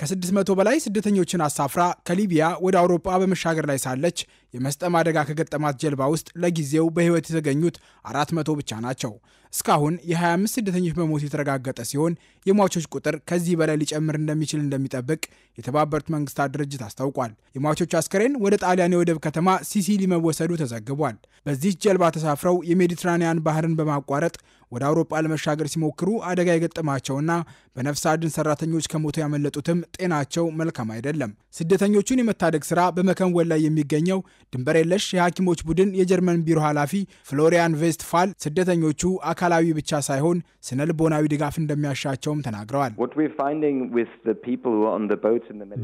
ከ600 በላይ ስደተኞችን አሳፍራ ከሊቢያ ወደ አውሮፓ በመሻገር ላይ ሳለች የመስጠም አደጋ ከገጠማት ጀልባ ውስጥ ለጊዜው በሕይወት የተገኙት 400 ብቻ ናቸው። እስካሁን የ25 ስደተኞች መሞት የተረጋገጠ ሲሆን የሟቾች ቁጥር ከዚህ በላይ ሊጨምር እንደሚችል እንደሚጠብቅ የተባበሩት መንግስታት ድርጅት አስታውቋል። የሟቾች አስከሬን ወደ ጣሊያን የወደብ ከተማ ሲሲሊ መወሰዱ ተዘግቧል። በዚህ ጀልባ ተሳፍረው የሜዲትራኒያን ባህርን በማቋረጥ ወደ አውሮፓ ለመሻገር ሲሞክሩ አደጋ የገጠማቸውና በነፍስ አድን ሰራተኞች ከሞቶ ያመለጡትም ጤናቸው መልካም አይደለም። ስደተኞቹን የመታደግ ስራ በመከንወን ላይ የሚገኘው ድንበር የለሽ የሐኪሞች ቡድን የጀርመን ቢሮ ኃላፊ ፍሎሪያን ቬስትፋል ስደተኞቹ አካላዊ ብቻ ሳይሆን ስነ ልቦናዊ ድጋፍ እንደሚያሻቸውም ተናግረዋል።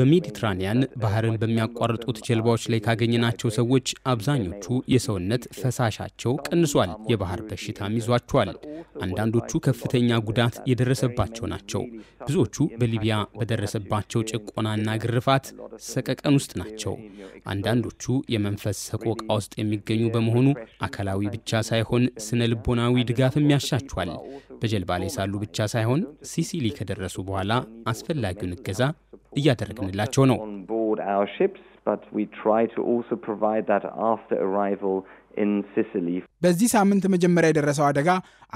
በሜዲትራኒያን ባህርን በሚያቋርጡት ጀልባዎች ላይ ካገኘናቸው ሰዎች አብዛኞቹ የሰውነት ፈሳሻቸው ቀንሷል፣ የባህር በሽታም ይዟቸዋል። አንዳንዶቹ ከፍተኛ ጉዳት የደረሰባቸው ናቸው። ብዙዎቹ በሊቢያ በደረሰባቸው ጭቆናና ግርፋት ሰቀቀን ውስጥ ናቸው። አንዳንዶቹ የመንፈስ ሰቆቃ ውስጥ የሚገኙ በመሆኑ አካላዊ ብቻ ሳይሆን ስነ ልቦናዊ ድጋፍም ያሻቸዋል። በጀልባ ላይ ሳሉ ብቻ ሳይሆን ሲሲሊ ከደረሱ በኋላ አስፈላጊውን እገዛ እያደረግንላቸው ነው። but we try to also provide that after arrival in Sicily. በዚህ ሳምንት መጀመሪያ የደረሰው አደጋ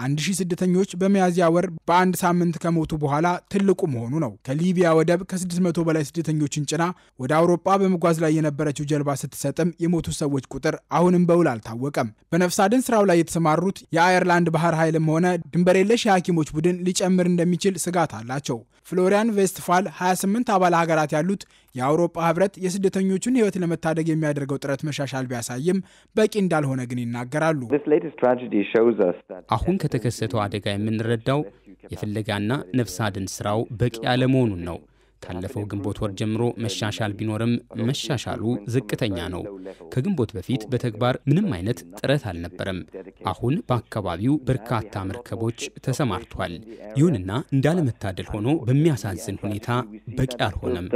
አንድ ሺ ስደተኞች በሚያዝያ ወር በአንድ ሳምንት ከሞቱ በኋላ ትልቁ መሆኑ ነው። ከሊቢያ ወደብ ከ600 በላይ ስደተኞችን ጭና ወደ አውሮጳ በመጓዝ ላይ የነበረችው ጀልባ ስትሰጥም የሞቱት ሰዎች ቁጥር አሁንም በውል አልታወቀም። በነፍስ አድን ስራው ላይ የተሰማሩት የአየርላንድ ባህር ኃይልም ሆነ ድንበር የለሽ የሐኪሞች ቡድን ሊጨምር እንደሚችል ስጋት አላቸው። ፍሎሪያን ቬስትፋል 28 አባል ሀገራት ያሉት የአውሮፓ ህብረት የስደተኞቹን ህይወት ለመታደግ የሚያደርገው ጥረት መሻሻል ቢያሳይም በቂ እንዳልሆነ ግን ይናገራሉ። አሁን ከተከሰተው አደጋ የምንረዳው የፍለጋና ነፍስ አድን ስራው በቂ አለመሆኑን ነው። ካለፈው ግንቦት ወር ጀምሮ መሻሻል ቢኖርም መሻሻሉ ዝቅተኛ ነው። ከግንቦት በፊት በተግባር ምንም አይነት ጥረት አልነበረም። አሁን በአካባቢው በርካታ መርከቦች ተሰማርቷል። ይሁንና እንዳለመታደል ሆኖ በሚያሳዝን ሁኔታ በቂ አልሆነም።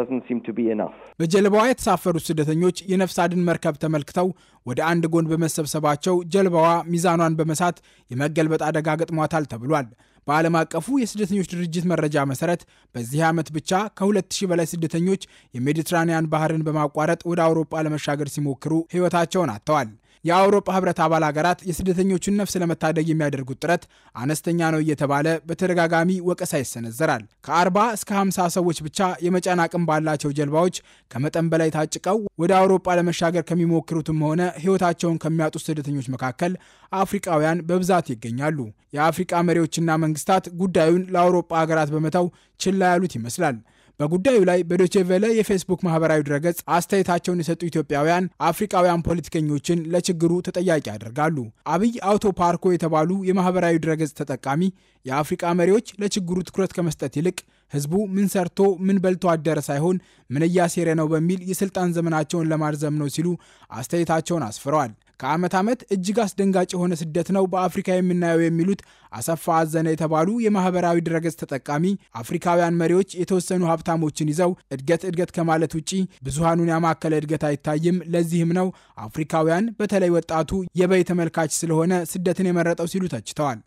በጀልባዋ የተሳፈሩት ስደተኞች የነፍስ አድን መርከብ ተመልክተው ወደ አንድ ጎን በመሰብሰባቸው ጀልባዋ ሚዛኗን በመሳት የመገልበጥ አደጋ ገጥሟታል ተብሏል። በዓለም አቀፉ የስደተኞች ድርጅት መረጃ መሰረት በዚህ ዓመት ብቻ ከ2000 በላይ ስደተኞች የሜዲትራኒያን ባህርን በማቋረጥ ወደ አውሮፓ ለመሻገር ሲሞክሩ ሕይወታቸውን አጥተዋል። የአውሮፓ ህብረት አባል ሀገራት የስደተኞቹን ነፍስ ለመታደግ የሚያደርጉት ጥረት አነስተኛ ነው እየተባለ በተደጋጋሚ ወቀሳ ይሰነዘራል። ከ40 እስከ 50 ሰዎች ብቻ የመጫን አቅም ባላቸው ጀልባዎች ከመጠን በላይ ታጭቀው ወደ አውሮፓ ለመሻገር ከሚሞክሩትም ሆነ ህይወታቸውን ከሚያጡት ስደተኞች መካከል አፍሪቃውያን በብዛት ይገኛሉ። የአፍሪቃ መሪዎችና መንግስታት ጉዳዩን ለአውሮፓ ሀገራት በመተው ችላ ያሉት ይመስላል። በጉዳዩ ላይ በዶቼቬለ የፌስቡክ ማህበራዊ ድረገጽ አስተያየታቸውን የሰጡ ኢትዮጵያውያን አፍሪቃውያን ፖለቲከኞችን ለችግሩ ተጠያቂ ያደርጋሉ። አብይ አውቶ ፓርኮ የተባሉ የማህበራዊ ድረገጽ ተጠቃሚ የአፍሪቃ መሪዎች ለችግሩ ትኩረት ከመስጠት ይልቅ ህዝቡ ምን ሰርቶ ምን በልቶ አደረ ሳይሆን ምን እያሴረ ነው በሚል የስልጣን ዘመናቸውን ለማርዘም ነው ሲሉ አስተያየታቸውን አስፍረዋል። ከዓመት ዓመት እጅግ አስደንጋጭ የሆነ ስደት ነው በአፍሪካ የምናየው የሚሉት አሰፋ አዘነ የተባሉ የማህበራዊ ድረገጽ ተጠቃሚ አፍሪካውያን መሪዎች የተወሰኑ ሀብታሞችን ይዘው እድገት እድገት ከማለት ውጪ ብዙሃኑን ያማከለ እድገት አይታይም። ለዚህም ነው አፍሪካውያን በተለይ ወጣቱ የበይ ተመልካች ስለሆነ ስደትን የመረጠው ሲሉ ተችተዋል።